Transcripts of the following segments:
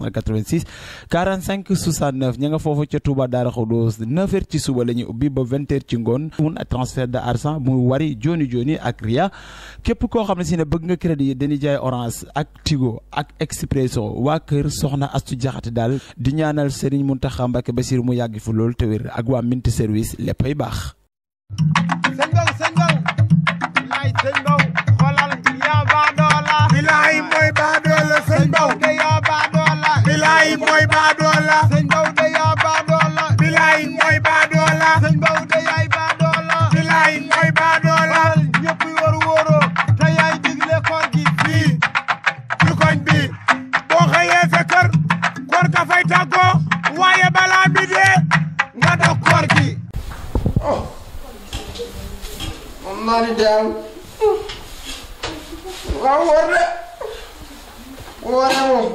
386 45 69 ña nga foofu ca Touba Daara Khoudous 9h ci suba la ñuy ubbi ba 20h ci ngoon mun transfert de argent muy wari joni joni ak ria képp koo xam ne si ne bëgg nga crédit dañuy jaay orange ak tigo ak expresso waa kër soxna astu jaxate daal di ñaanal Serigne Mountakha Mbacké Bassirou mu yàgg fi lool te wér ak waa Mint service ay baax jaam waaw wóor na wóor na moom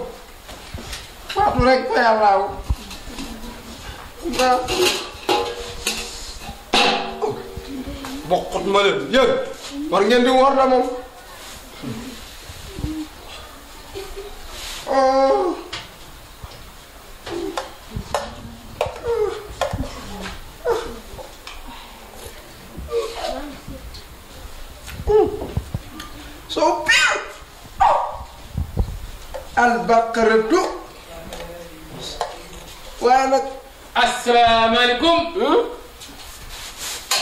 faatu rek fa yàlla waaw bokkut ma baqaratu waaye nag. asalaamaaleykum. Hmm?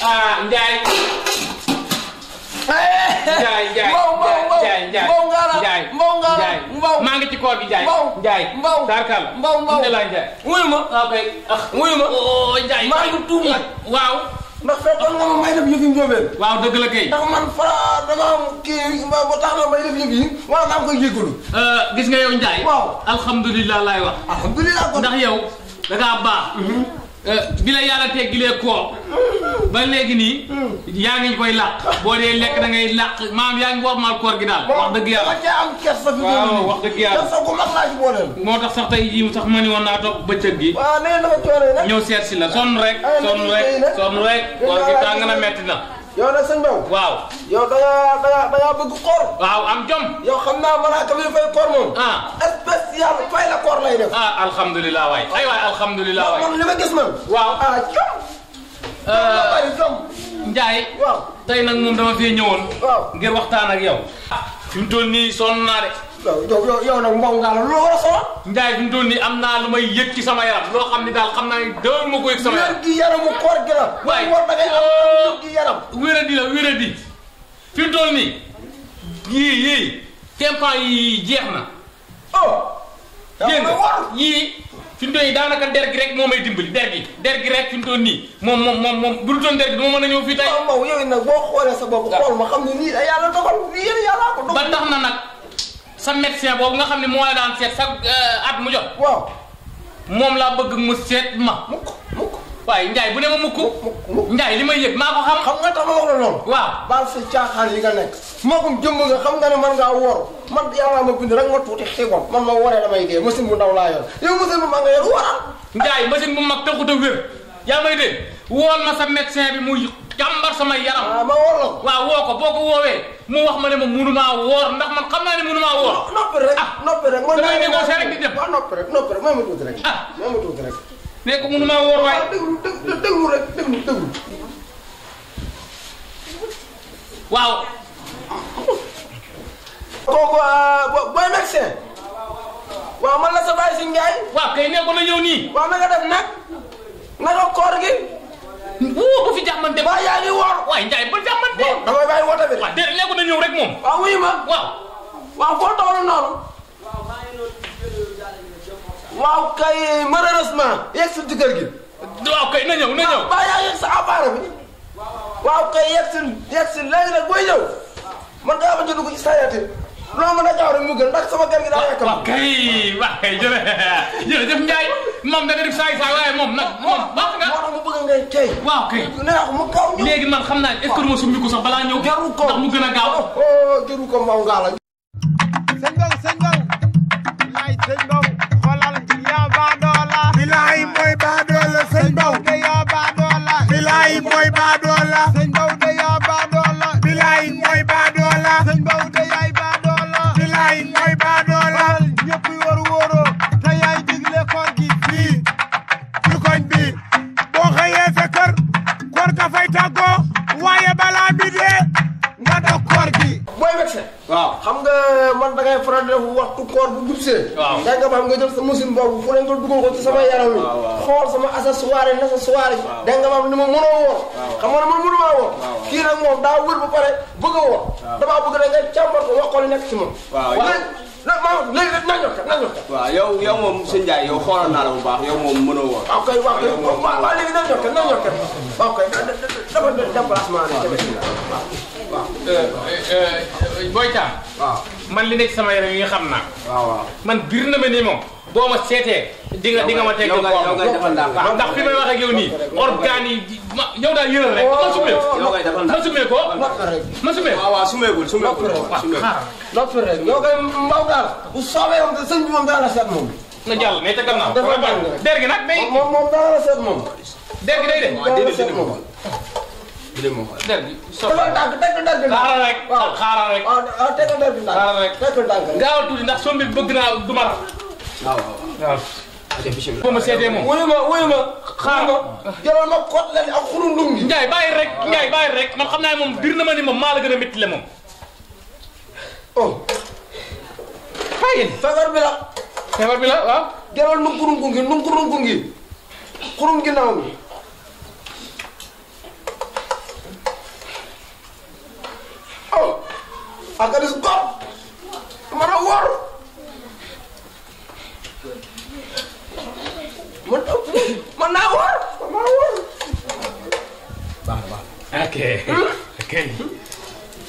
ah Ndiaye. Ndiaye Ndiaye Ndiaye Ndiaye Ndiaye Ndiaye maa ngi ci koor gi Ndiaye. Ndiaye Mbaw Sarkala. Mbaw Mbaw Ndela Ndiaye. wuyu ma. ok ah, ah. wuyu ma. Oh, Ndiaye maa ngi tuub waaw. ndax fekkoon nga ma may def yëf yi njóobeen. waaw dëgg la kay. ndax man fa dama am kii ba tax na may def yëf yi waaw naa koy jégalu. Euh, gis nga yow Ndiaye. waaw alhamdulilah laay wax. alhamdulilah ndax yow da ngaa baax. Mhm. Eh, bi la yàlla teggilee koo ba léegi nii yaa ngi koy làq boo dee lekk da ngay làq maam yaa ngi wormaal koor gi daal wax dëgg yàlla ma am kersa fi waaw moo tax sax tey jii sax ma ni woon naa ba bëccëg gi waaw nee na cooree nag ñëw seet si la sonn rek sonn rek sonn rek koor gi tàng na metti na yow nag sëñ Mbow waaw yow da ngaa da ngaa da ngaa bés yàlla fay la koor lay def. ah alhamdulilah waay ay waay alhamdulilah waay ah, euh, nag moom dama fee ñëwoon. ngir waxtaan ak yow. ah fi mu toll nii sonn naa de. yow nag mboq ngaa la lu war a sonal. Ndiaye fi am naa lu may yëg ci sama yaram loo xam ne daal xam naa ne dawal ma ko yëg sama yaram. wér war di la wér euh, di fi mu yii yii tempa yi jeex na. oh. dégg nga yii fi mu toll nii daanaka der gi rek moo may dimbali der gi der gi rek fi mu toll nii moom moom moom bu dul doon der gi du ma mën a ñëw fii tey. waaw Mbow yow nag boo xoolee sa bopp. xool ma xam ne nii da yàlla dogal nii yéen yàlla ko na nag sa médecin boobu nga xam ne moo la daan seet sa euh, at mu jot. waaw moom laa bëgg mu seet ma. mu waaye njaay bu ne ma mukk mukk Ndiaye li may yëg maa ko xam. xam nga tax ma wax la loolu. waaw baal sa caaxaan yi nga nekk. maa ko jëmm nga xam nga ne man ngaa ma bind rek nga tuuti xiibam ma waree damay ndaw laa yor yow machine bu mag nga yor waral. Ndiaye machine bu mag taxut a wér yaa may dégg wool ma sa médecin bi muy jàmbar sama yaram. waaw ah, ma woo la ko. waaw woo ko boo ko woowee mu wax ma ne ma munumaa woor ndax man xam naa ne munumaa woor. noppi rek noppi rek. man noppi rek noppi rek tuuti rek. Ah. ne ko mënu maa woor waaye. déglu rek déglu déglu. waaw. kooku ah, booy médecin. waaw man la sa bàyyi si waaw kay ne ko na ñëw nii. waaw na nga def nag. naka koor gi. woo ko fi jàmmante. waaw yaa ngi woor. waaye Njaay ba jàmmante. ne ko na rek moom. waaw wuyu ma. waaw. waaw foo toll noonu. waaw kay malheureusement yegg si ci kër gi. waaw kay na ñëw na ñëw. waaw yaa yegg sa appareil bi. waaw kay yegg si yegg si léegi nag booy ñëw man daa ma jënd ko ci sareet non man dañu war mu gën ndax sama kër gi daa yàq. waaw kay waaw kay jërëjëf Ndiaye moom da nga def saay saay waaye moom nag moom baax nga. moo tax mu bëgg ngay tey. waaw kay neex mu kaw ñëw. léegi man xam naa ne est-ce que ma sumbi ko sax balaa ñëw. jarul ko ndax mu gën a gaaw. Oh, jarul ko mbaw ngaa la. sëñ Ndao sëñ Ndao. tàggoo waaye balaa bi dee nga dog koor gi booy wegse waaw xam nga man da ngay faral di def waxtu koor bu dubsee da nga xam nga jël sa machine boobu fu ne nga dugal ko ci sama yaram wi xool sama accessoire na sa soirée da nga xam ni ma mënoo woor xam nga man mënumaa woor kii nag moom daa wër ba pare bëgg a woor bëgg da ngay càmbar ko wax ko li la ma léegi rek nañoo kat nañoo kat. waaw yow yow moom sëñ Ndiaye yow xoolal naa la bu baax yow moom mënoo woon. Ah, waaw kay waaw kay waaw léegi nañoo kat nañoo kat ah, waaw kay eh, eh, eh, Boy Thiam. man li nekk sama yaram yi nga xam na waaw man bir na ma ni moom. boo ma seetee. di nga di nga ma teg a nga yow nga defal ndax fi may wax ak yow nii organes ma oh, yow daal yëral rek ma sumee ko ma ah, sumee ko ma sumee ko. waaw waaw sumee ko sumee ko rek yow kay mbaw daal bu soobee moom sëñ bi moom daal la seet moom. na jàll mais te gannaaw. dafa dëgg der gi nag mais. moom moom daal la seet moom. der gi day de. waaw déedéet déedéet moom. déedéet moom der gi. soxla la dàgg tekkil dàgg bi. xaaral rek xaaral rek. waaw waaw tekkil dàgg bi. xaaral rek tekkil dàgg bi. gaaw tuuti ndax sombi bëgg naa du ma. waaw waaw waaw. ok bisimilah bu ma seetee moom wuyu ma wuyu ma xaar ma jaral ma kot la ak xulun lum gi. Ndiaye bàyyi rek Ndiaye bàyyi rek man xam naa moom biir na ma ni moom maa la gën a métti le moom. oh. bàyyi feebar bi la. feebar bi la waaw. jaral nu kurun gungi nu kurun gungi kurun ginnaaw mi. oh. ak mën naa wóor mën naa wóor. baax na baax ok kay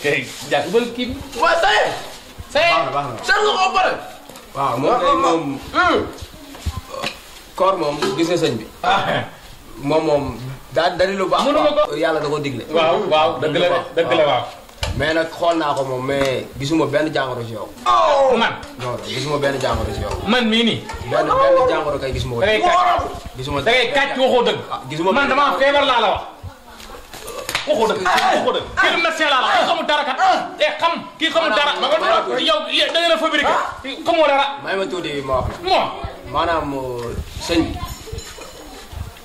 kay jàppal kii bi. waaw ça y est. ça y est seetlu waaw moom moom. Hmm. koor moom gis nga bi. Ah. moom moom daa dali lu baax. mënu ma ko yàlla da ko digle. waaw waaw dëgg la waaw. mais nag xool naa ko moom mais gisuma benn jàngoro ci yow. Oh! man non benn jàngoro ci yow. man mii benn benn jàngoro kay gisuma ko. da ngay kàcc gisuma da ah, ah! dara kat. te ah! eh, dara. yow da ngeen a fabriqué. dara. may ma tuuti ma wax la. Euh, bon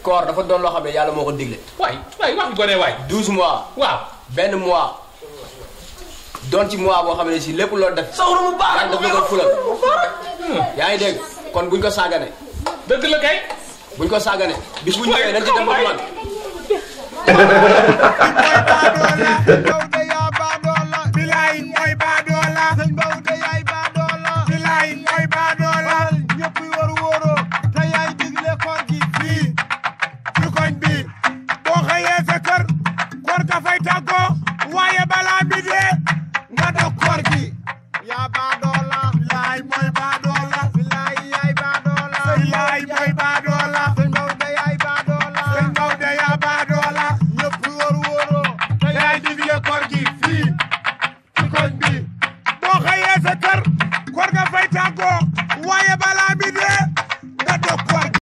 koor dafa doon loo xam ne yàlla moo ko digle. waay waay wax gone waay. douze mois. waaw benn mois. doon ci mois boo xam ne si lépp loolu def. sawru mu baax daf ko fulal yaa ngi dégg kon buñ ko sàggane. dëgg la kay. buñ ko sàggane bis bu ñëwee nañ ci dem ba mu